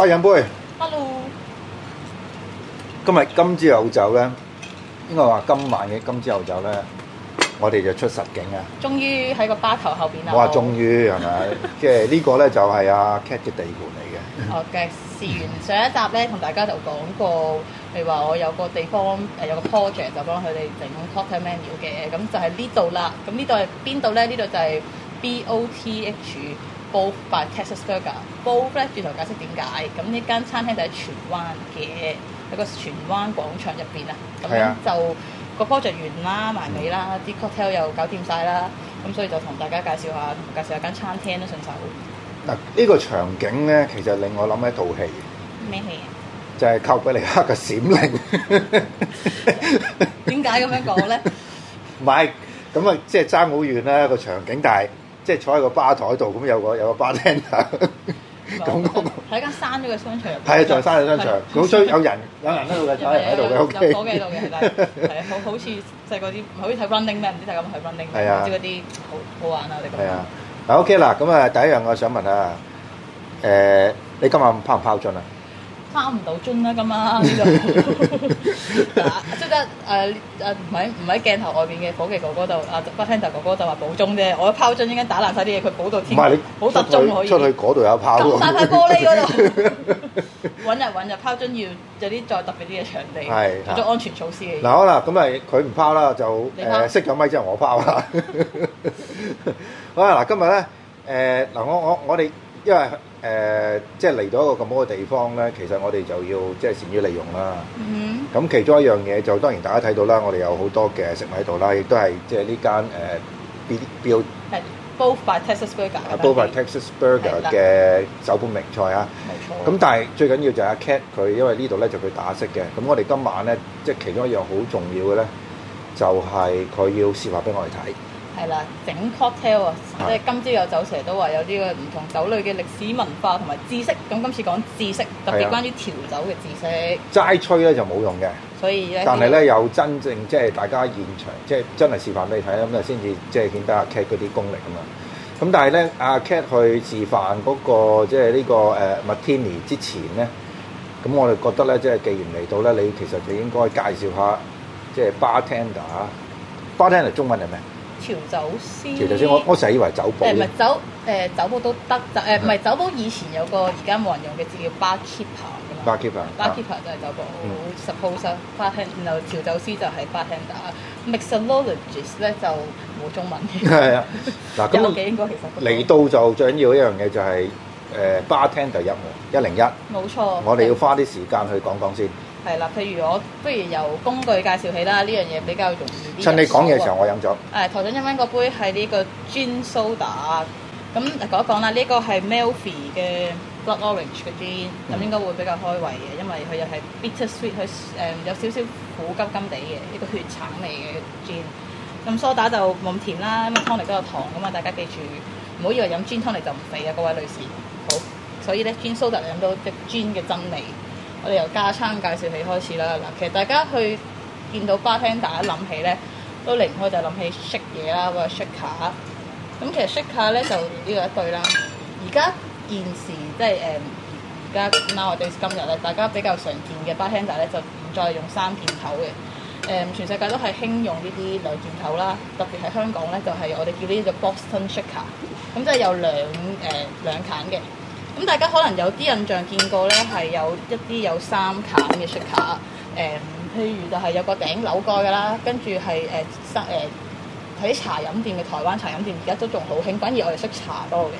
大家飲杯。Hello。今日金枝油酒咧，應該話今晚嘅今朝有酒咧，我哋就出實景啊。終於喺個巴頭後邊啦。我話終於係咪？即係呢個咧就係阿 Cat 嘅地盤嚟嘅。好嘅，事緣上一集咧，同大家就講過，譬如話我有個地方誒有個 project 就幫佢哋整 cocktail menu 嘅，咁就係呢度啦。咁呢度係邊度咧？呢度就係 B O T H。煲白 Texas Burger，煲咧轉頭解釋點解。咁呢間餐廳就喺荃灣嘅喺個荃灣廣場入邊啦。咁樣就個 project 完啦，埋尾啦，啲、嗯、cocktail 又搞掂晒啦。咁所以就同大家介紹下，介紹下間餐廳都順手。嗱、啊，呢、呢個場景咧，其實令我諗起一套戲。咩戲啊？就係、是、靠比尼克嘅閃靈。點解咁樣講咧？唔 係，咁啊，即係爭好遠啦個場景，但係。即係坐喺個吧台度，咁有個有個 bartender 咁喺間閂咗嘅商場入。係啊，就係閂咗商場。好衰，有人 有人喺度嘅，哎、有人喺度嘅，有火嘅喺度嘅。係、 嗯、 啊，那些好好似細個啲，好似睇 Running Man，唔知大家有冇睇 Running Man？係啊，即嗰啲好好玩啊！你咁。係啊，OK 嗱啦，咁、嗯、啊、嗯、第一樣我想問下，誒、呃、你今晚拋唔拋樽啊？拋唔到樽 啊，咁啊呢度，即係誒誒，唔喺唔喺鏡頭外面嘅夥計哥哥就啊，花聽頭哥哥就話補樽啫。我一拋樽應該打爛晒啲嘢，佢補到天，好失中可以出去嗰度有拋。打晒玻璃嗰度，搵 日搵就拋樽要就啲再特別啲嘅場地，有、啊、做安全措施嘅。嗱好啦咁啊，佢唔拋啦，就誒熄咗咪之後我拋 好今呢、呃，我拋啦。好啊，嗱今日咧，誒嗱我我我哋因為。誒、呃，即係嚟到一個咁好嘅地方咧，其實我哋就要即係善於利用啦。咁、mm -hmm. 其中一樣嘢就當然大家睇到啦，我哋有好多嘅食物喺度啦，亦都係即係呢間誒 Bill b i Texas Burger 嘅招牌名菜啊。咁、yeah. 嗯、但係最緊要就係阿 Cat 佢，因為呢度咧就佢打識嘅。咁我哋今晚咧，即係其中一樣好重要嘅咧，就係、是、佢要示範俾我哋睇。係啦，整 cocktail 啊，即係今朝有酒蛇都話有呢個唔同酒類嘅歷史文化同埋知識。咁今次講知識，特別關於調酒嘅知識。齋吹咧就冇用嘅。所以咧，但係咧有真正即係大家現場即係真係示範俾你睇，咁啊先至即係見得阿 cat 嗰啲功力啊嘛。咁但係咧，阿 cat 去示範嗰個即係呢個誒 martini 之前咧，咁我哋覺得咧即係既然嚟到咧，你其實你應該介紹下即係 bartender 嚇，bartender 中文係咩？調酒師，我我成日以為是酒保，誒唔係酒誒、酒保、都得，誒唔係酒保。以前有個而家冇人用嘅字叫 barkeeper b、嗯、a r k e e p e r b a r k e e p e r 就係酒保，suppose b a r 然後調酒師就係 bar tender，mixologist 咧就冇中文嘅，係啊，嗱咁，嚟 到就最緊要一樣嘢就係、是呃、bar tender 一門一零一，冇錯，我哋要花啲時間去講講先。係啦，譬如我不如由工具介紹起啦，呢樣嘢比較容易啲。趁你講嘢嘅時候，我飲咗。誒，頭先飲返嗰杯係呢個、Gin、Soda。咁講一講啦，呢、這個係 Malfly 嘅 Blood Orange 嘅 Gin、嗯。咁應該會比較開胃嘅，因為佢又係 bitter sweet，佢誒有少少苦甘甘地嘅一個血橙味嘅 Gin。咁梳打就冇咁甜啦，因為湯嚟都有糖咁嘛，大家記住，唔好以為飲 Gin 湯嚟就唔肥啊，各位女士。好，所以咧，Gin Soda 飲到隻 Gin 嘅真味。我哋由加餐介紹起開始啦。嗱，其實大家去見到 bartender 一諗起咧，都離唔開就係諗起 shake 嘢啦，或者 shaker。咁其實 shaker 咧就呢個一對啦。而家現時即係誒，而家我哋今日大家比較常見嘅 bartender 咧就唔再用三件頭嘅。全世界都係興用呢啲兩件頭啦。特別喺香港咧，就係我哋叫呢啲叫 Boston shaker。咁即係有兩，誒，兩件嘅。咁大家可能有啲印象見過咧，係有一啲有三砍嘅 shaker，譬如就係有個頂扭蓋噶啦，跟住係誒三，喺茶飲店嘅台灣茶飲店而家都仲好興，反而我哋識茶多嘅，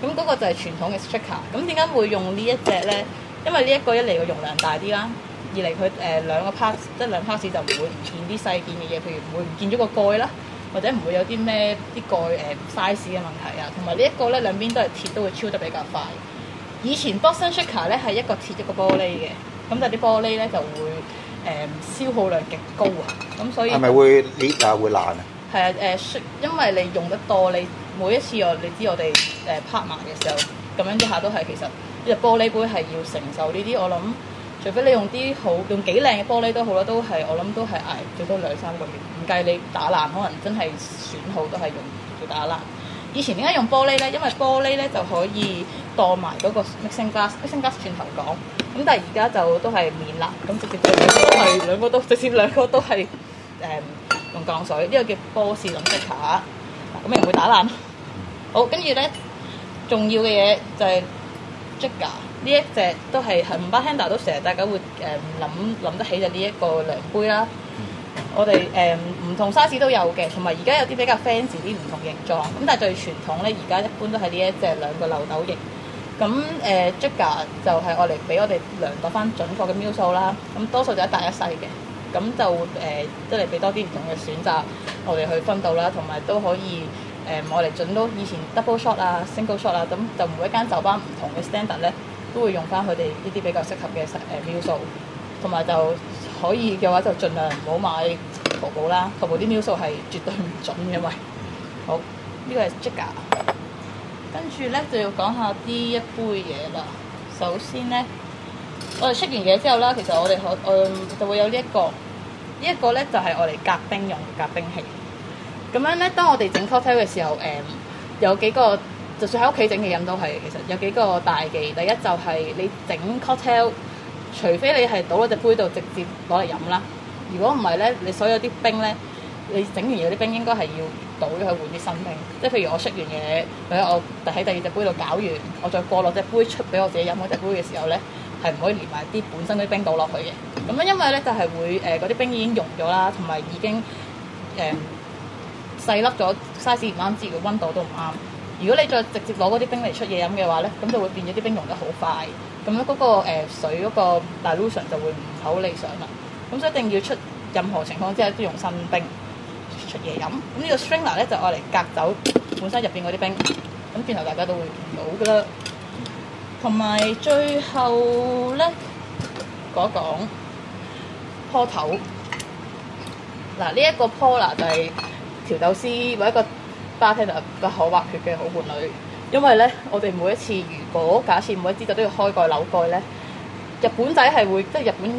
咁、那、嗰個就係傳統嘅 shaker。咁點解會用呢一隻咧？因為呢一個一嚟個容量大啲啦，二嚟佢誒兩個 part，即係兩 part 就唔會唔見啲細件嘅嘢，譬如唔會唔見咗個蓋啦，或者唔會有啲咩啲蓋誒、呃、size 嘅問題啊。同埋呢一個咧兩邊都係鐵，都會 chill 得比較快。以前 Boston shaker 咧係一個切一個玻璃嘅，咁但係啲玻璃咧就會誒消耗量極高啊，咁所以係咪會裂啊會爛啊？係啊，誒因為你用得多，你每一次我你知我哋誒拍麻嘅時候，咁樣一下都係其實隻玻璃杯係要承受呢啲，我諗除非你用啲好用幾靚嘅玻璃都好啦，都係我諗都係捱最多兩三個月，唔計你打爛，可能真係損耗都係用，易打爛。以前點解用玻璃咧？因為玻璃咧就可以當埋嗰個 mixing glass，mixing glass，轉頭講。咁但係而家就都係面啦，咁直接都係兩個都直接兩個都係誒用鋼水，呢個叫波士頓 shaker 啊。嗱，咁又唔會打爛。好，跟住咧重要嘅嘢就係 jigger，呢一隻都係吳班亨達都成日大家會誒諗諗得起就呢一個量杯啦。我哋誒唔同 size 都有嘅，同埋而家有啲比較 fancy 啲唔同形狀，咁但係最傳統咧，而家一般都係呢一隻兩個漏斗型。咁誒 Jigger 就係我嚟俾我哋量度翻準確嘅 m i 瞄數啦。咁多數就一大一細嘅，咁就誒都嚟俾多啲唔同嘅選擇我哋去分到啦，同埋都可以誒愛嚟準到以前 double shot 啊，single shot 啊，咁就每一間酒吧唔同嘅 standard 咧，都會用翻佢哋呢啲比較適合嘅 m 誒瞄數。同埋就可以嘅話，就盡量唔好買淘寶啦。淘寶啲秒數係絕對唔準嘅，咪好這是呢個係 Jigger。跟住咧就要講下啲一杯嘢啦。首先咧，我哋出完嘢之後啦，其實我哋可誒、嗯、就會有呢、這、一個，這個、呢一個咧就係我哋隔冰用嘅隔冰器。咁樣咧，當我哋整 Cocktail 嘅時候，誒、嗯、有幾個，就算喺屋企整嘅飲都係其實有幾個大忌。第一就係你整 Cocktail 除非你係倒咗隻杯度直接攞嚟飲啦，如果唔係咧，你所有啲冰咧，你整完嗰啲冰應該係要倒咗去換啲新冰。即係譬如我出完嘢，或者我喺第二隻杯度搞完，我再過落隻杯出俾我自己飲嗰隻杯嘅時候咧，係唔可以連埋啲本身啲冰倒落去嘅。咁樣因為咧就係會誒嗰啲冰已經溶咗啦，同埋已經誒、呃、細粒咗，size 唔啱，之餘嘅溫度都唔啱。如果你再直接攞嗰啲冰嚟出嘢飲嘅話咧，咁就會變咗啲冰溶得好快，咁樣嗰個水嗰、嗰個 dilution 就會唔好理想啦。咁所以一定要出任何情況之下都用新冰出嘢飲。這個呢個 strainer 咧就愛嚟隔走本身入邊嗰啲冰，咁變埋大家都會見到嘅啦。同埋最後咧講一講坡頭，嗱、這、呢、個、一個 polar 就係調酒師或者個。巴聽就不可或缺嘅好伴侶，因為咧，我哋每一次如果假設每一支酒都要開蓋扭蓋咧，日本仔係會即係日本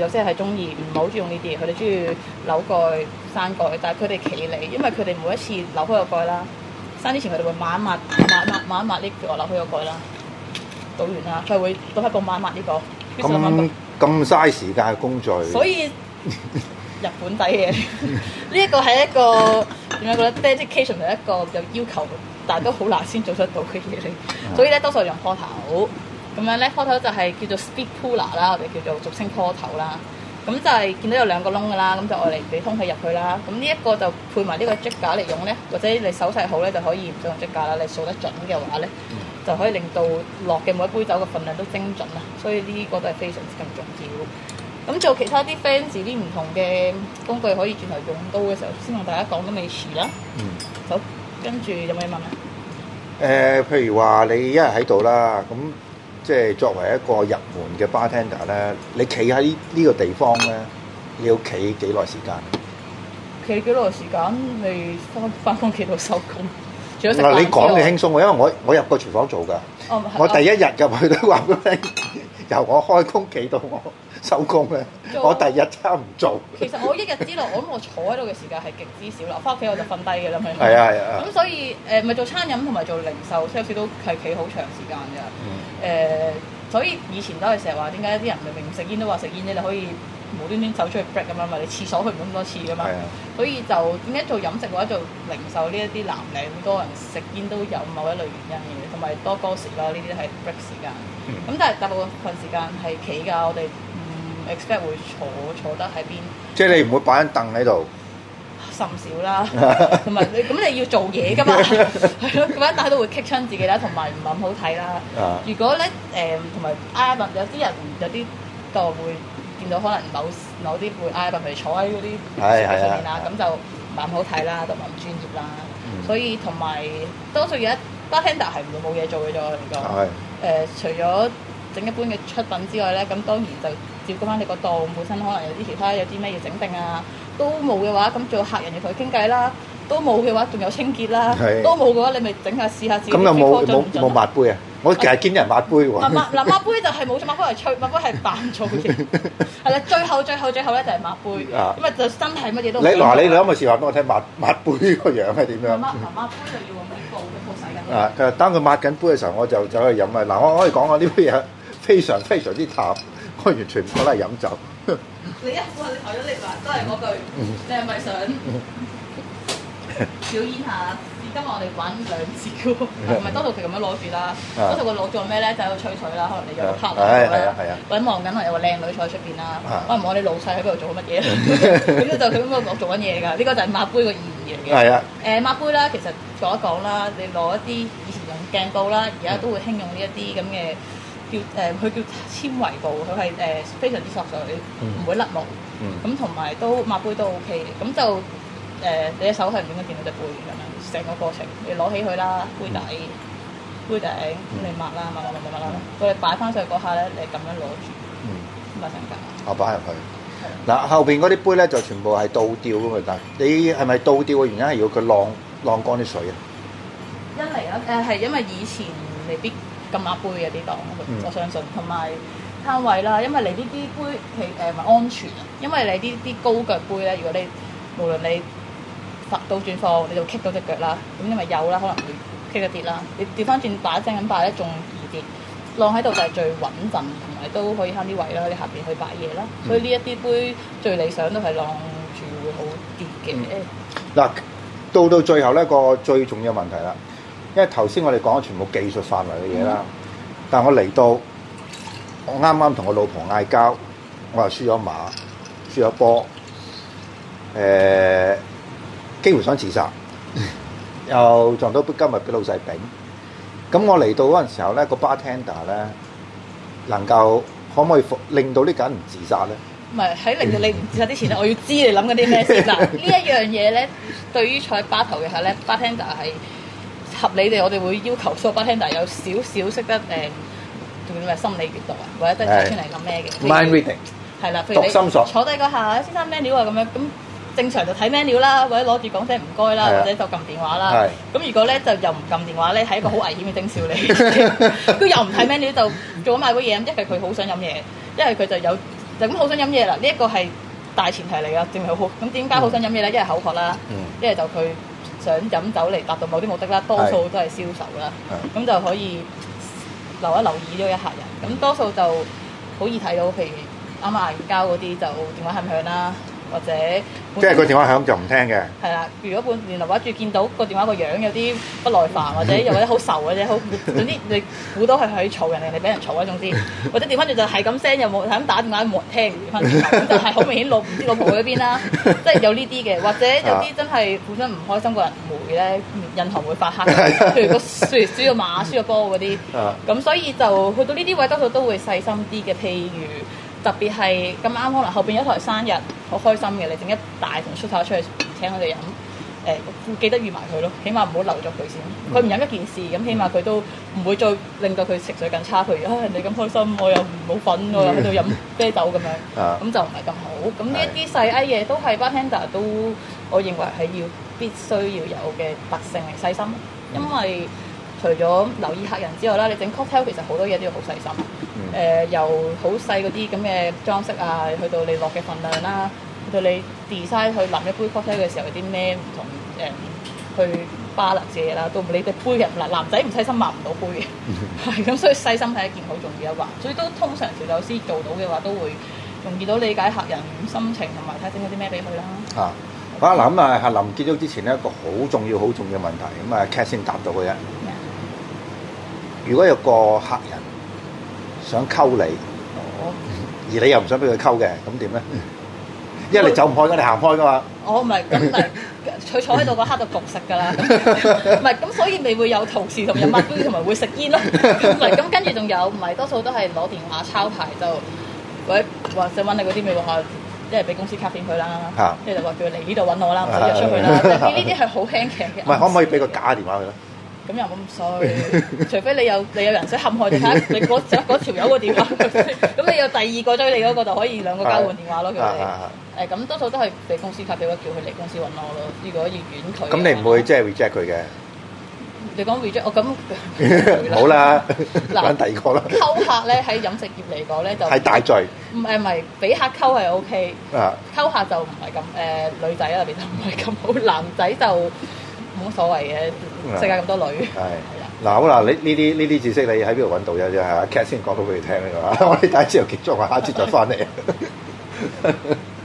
調酒師係中意，唔係好中意用呢啲嘢，佢哋中意扭蓋、閂蓋，但係佢哋企你，因為佢哋每一次扭開個蓋啦，閂之前佢哋會抹一抹抹一抹一抹呢個我扭開個蓋啦，倒完啦，佢會倒翻個抹抹呢個。咁咁嘥時間嘅工序，所以。 日本底嘅呢一個係一個點樣講得 dedication 係一個有要求，但係都好難先做得到嘅嘢嚟。所以咧，多數用坡頭咁樣咧，坡頭就係叫做 speed puller 啦，我哋叫做俗稱坡頭啦。咁就係、是、見到有兩個窿噶啦，咁就我哋俾通氣入去啦。咁呢一個就配埋呢個竹架嚟用咧，或者你手勢好咧，就可以唔需要竹架啦。你數得準嘅話咧，就可以令到落嘅每一杯酒嘅份量都精準啦。所以呢個都係非常之重要。咁做其他啲 fans 啲唔同嘅工具可以轉頭用到嘅時候，先同大家講都未遲啦。嗯，好，跟住有咩問啊？誒、呃，譬如話你一日喺度啦，咁即係作為一個入門嘅 bartender 咧，你企喺呢呢個地方咧，你要企幾耐時間？企幾耐時間？你翻翻工企到收工，除咗食飯，嗱，你講你輕鬆喎，因為我我入個廚房做㗎、哦，我第一日入去都話畀你由我開工企到我。手工嘅，我第日差唔做。其實我一日之內， 我諗我坐喺度嘅時間係極之少啦。翻屋企我就瞓低嘅啦，係啊係啊。咁、嗯、所以誒，咪、呃、做餐飲同埋做零售 sales 都係企好長時間㗎。誒、嗯呃，所以以前都係成日話點解啲人明明唔食煙都話食煙，你你可以無端端走出去 break 咁樣嘛？你廁所去唔咁多次㗎嘛？所以就點解做飲食或者做零售呢一啲藍領多人食煙都有某一類原因嘅，同埋多歌食啦，呢啲係 break 時間。咁、嗯、但係大部分時間係企㗎，我哋。expect 會坐坐得喺邊，即係你唔會擺張凳喺度，甚少啦，同 埋你咁你要做嘢噶嘛，咁樣打都會激親自己啦，同埋唔咁好睇啦、啊。如果咧誒同埋 i 啊，有啲人有啲就會見到可能某某啲伴啊，譬如坐喺嗰啲桌上面啦，咁就唔咁好睇啦，同埋唔專業啦、嗯。所以同埋多數有一 bartender 係唔會冇嘢做嘅啫，應該誒除咗整一般嘅出品之外咧，咁當然就。照顧翻你個度，本身可能有啲其他有啲咩要整定啊，都冇嘅話，咁做客人要同佢傾偈啦，都冇嘅話，仲有清潔啦，都冇嘅話，你咪整下試下自己。咁又冇冇抹杯啊？我淨係見人抹杯喎。抹、啊、嗱、啊、抹杯就係冇錯，抹杯係 吹，抹杯係扮做嘢。係 啦，最後最後最後咧就係抹杯。咁啊，就真係乜嘢都。你嗱、啊、你攞個視頻俾我睇抹抹杯個樣係點樣？抹、啊、抹杯就要個名報嘅，冇洗緊。佢、啊、當佢抹緊杯嘅時候，我就走去飲啊！嗱，我可以講下呢杯嘢非常非常之淡。我完全唔可能飲酒。你一、啊、你頭咗你話都係嗰句，你係咪想表演下？而家我哋玩兩次。多數喎、啊，唔係多數佢咁樣攞住啦。多數佢攞做咩咧？就喺、是、度吹水啦。可能你又拍嚟啦，或者望緊係有個靚女坐喺出邊啦。可能望你老細喺邊度做乜嘢？咁、啊、 就佢咁樣攞做緊嘢㗎。呢、 呢個就係抹杯個意義嚟嘅。係啊。誒、呃、抹杯啦，其實講一講啦，你攞一啲以前用鏡布啦，而家都會輕用呢一啲咁嘅。叫誒，佢叫纖維布，佢係誒非常之索水，唔會甩毛。咁同埋都抹杯都 O K。咁就誒，你隻手係唔應該掂到隻杯咁樣，成個過程，你攞起佢啦，杯底、杯頂你抹啦，抹啦、抹啦、抹啦。到你擺翻上去嗰下咧，你咁樣攞住，嗯，咪成格。我擺入去。嗱，後邊嗰啲杯咧就全部係倒掉嘅嘛，但係你係咪倒掉嘅原因係要佢晾晾乾啲水啊？一嚟啊，誒係因為以前未必。咁壓杯嘅啲檔，我相信同埋攤位啦，因為你呢啲杯，係咪安全啊？因為你呢啲高腳杯咧，如果你無論你反到轉放，你就棘到隻腳啦。咁因為有啦，可能會棘一啲啦。你掉翻轉擺正咁擺咧，仲易跌。晾喺度就係最穩陣，同埋都可以慳啲位啦，你下邊去擺嘢啦。所以呢一啲杯最理想都係晾住會好啲嘅。嗱、嗯哎，到到最後咧個最重要的問題啦。因為頭先我哋講咗全部技術範圍嘅嘢啦，但我嚟到我啱啱同我老婆嗌交，我又輸咗馬，輸咗波，誒、呃、幾乎想自殺，又撞到畢金物俾老細丙。咁我嚟到嗰陣時候咧，個 bartender 咧能夠可唔可以令到這不呢個人唔自殺咧？唔係喺令到你唔自殺之前，咧、嗯，我要知你諗緊啲咩先啦。 事呢一樣嘢咧，對於在巴頭嘅嚇咧，bartender 係。合理哋，我哋會要求收班聽達有少少識得誒叫咩心理讀啊，或者得專係咁咩嘅。Mind reading，係啦，譬如你坐低個下，先生 menu 啊咁樣咁正常就睇 menu 啦，或者攞住講聲唔該啦，或者就撳電話啦。咁如果咧就又唔撳電話咧，係一個好危險嘅徵兆嚟。佢又唔睇 menu 就做緊買杯嘢飲，一係佢好想飲嘢，一係佢就有就咁好想飲嘢啦。呢一個係大前提嚟噶，正係好咁點解好想飲嘢咧？一係口渴啦，一係就佢。想飲酒嚟達到某啲目的啦，多數都係銷售啦，咁就可以留一留意咗一客人，咁多數就好易睇到，譬如啱啱嗌交嗰啲就電話響響啦。或者即係個電話響就唔聽嘅，係啦。如果半原來或住，見到個電話個樣有啲不耐煩，或者又或者好愁或者好，總之你估到係佢嘈人哋，你俾人嘈啊。總之或者調翻轉就係咁聲又冇，係咁打電話冇人聽唔調轉就係、是、好明顯老唔 知老婆去咗邊啦。即、就、係、是、有呢啲嘅，或者有啲真係本身唔開心個人唔悶咧，印 堂會，會發黑。譬 如個輸輸個馬、輸個波嗰啲，咁 所以就去到呢啲位，多數都會細心啲嘅。譬如。特別係咁啱，可能後邊有一台生日好開心嘅，你整一大盤 cocktail 出嚟請佢哋飲，誒記得預埋佢咯，起碼唔好留咗佢先。佢唔飲一件事，咁起碼佢都唔會再令到佢情緒更差。譬如啊你咁開心，我又唔好瞓，我又喺度飲啤酒咁樣，咁就唔係咁好。咁呢一啲細 I 嘢都係 bartender 都，我認為係要必須要有嘅特性嚟細心，因為除咗留意客人之外啦，你整 cocktail 其實好多嘢都要好細心。誒，由好細嗰啲咁嘅裝飾啊，去到你落嘅份量啦，去到你 design 去淋一杯 coffee 嘅時候有啲咩唔同誒，去巴拿啲嘢啦，都唔理隻杯嘅，嗱男仔，唔細心抹唔到杯嘅，係咁，所以細心係一件好重要嘅話，所以都通常調酒師做到嘅話都會容易到理解客人心情同埋睇整咗啲咩俾佢啦。啊，好啊，嗱咁啊，喺臨結咗之前咧一個好重要好重要問題，咁啊 cat 先答到佢啊。如果有個客人，想溝你、哦，而你又唔想俾佢溝嘅，咁點咧？因為你走唔開噶，你行開噶嘛？哦，唔係，咁咪佢坐喺度嗰刻就焗食噶啦，唔係咁，所以咪會有同事同有物，都同埋會食煙咯，唔係咁跟住仲有，唔係多數都係攞電話抄牌就，或者想揾你嗰啲咪話，一係俾公司卡片佢啦，即、啊、就話叫佢嚟呢度揾我啦，唔使、啊、出去啦，呢啲係好輕嘅。唔係，是啊、可唔可以俾個假電話佢咧？ 咁又唔衰，除非你有你有人想陷害你，你嗰隻嗰條友個電話，咁你有第二個追你嗰個就可以兩個交換電話咯。咁啊啊！誒，咁多數都係俾公司卡，叫我叫佢嚟公司揾我咯。如果要婉拒，咁你唔會即係 reject 佢嘅？你講 reject 我咁好啦，嗱，第二個啦。溝客咧，喺飲食業嚟講咧就係大罪，唔係唔係俾客溝係 O K 啊，溝客就唔係咁誒女仔特別唔係咁好，男仔就冇乜所謂嘅。世界咁多女，嗱，好啦，呢呢啲呢啲知識你喺邊度揾到有啫？阿 Cat 先講到俾你聽啦， 我哋第一節又結束啦，下一節再翻嚟。